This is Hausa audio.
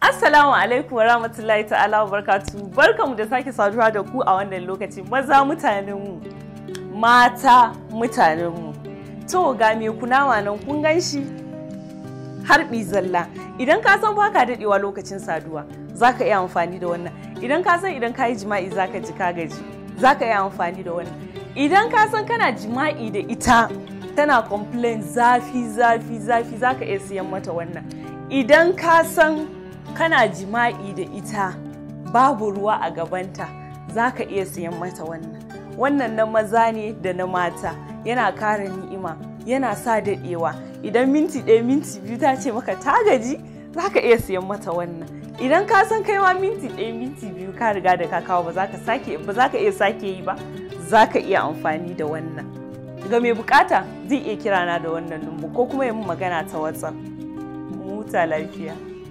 Assalamu alaikum wa rahmatullahi ta'ala wa barkatu barkamu da sake saduwa da ku a wannan lokaci maza mutanenmu mata mutanenmu to ga me kunawa nan kun gan shi harbi zalla idan ka san baka dadewa lokacin saduwa zaka iya amfani da wannan idan ka san idan ka yi jima'i zaka ji ka gaji zaka iya amfani da wannan idan ka san kana jima'i da ita tana complain zafi zafi zafi zaka iya siyan mata wannan idan ka san kana jima'i da ita babu ruwa a gabanta za ka iya siyan mata wannan wannan na maza ne da na mata yana kare ni'ima yana sa daɗewa idan minti ɗaya minti biyu ta ce maka ta gaji za ka iya siyan mata wannan idan ka san kai ma minti ɗaya minti biyu ka riga da ka kawo ba za ka iya sake yi ba za ka iya amfani da wannan ga mai bukata zai iya kirana da wannan numba ko kuma yi magana ta watsa mu lafiya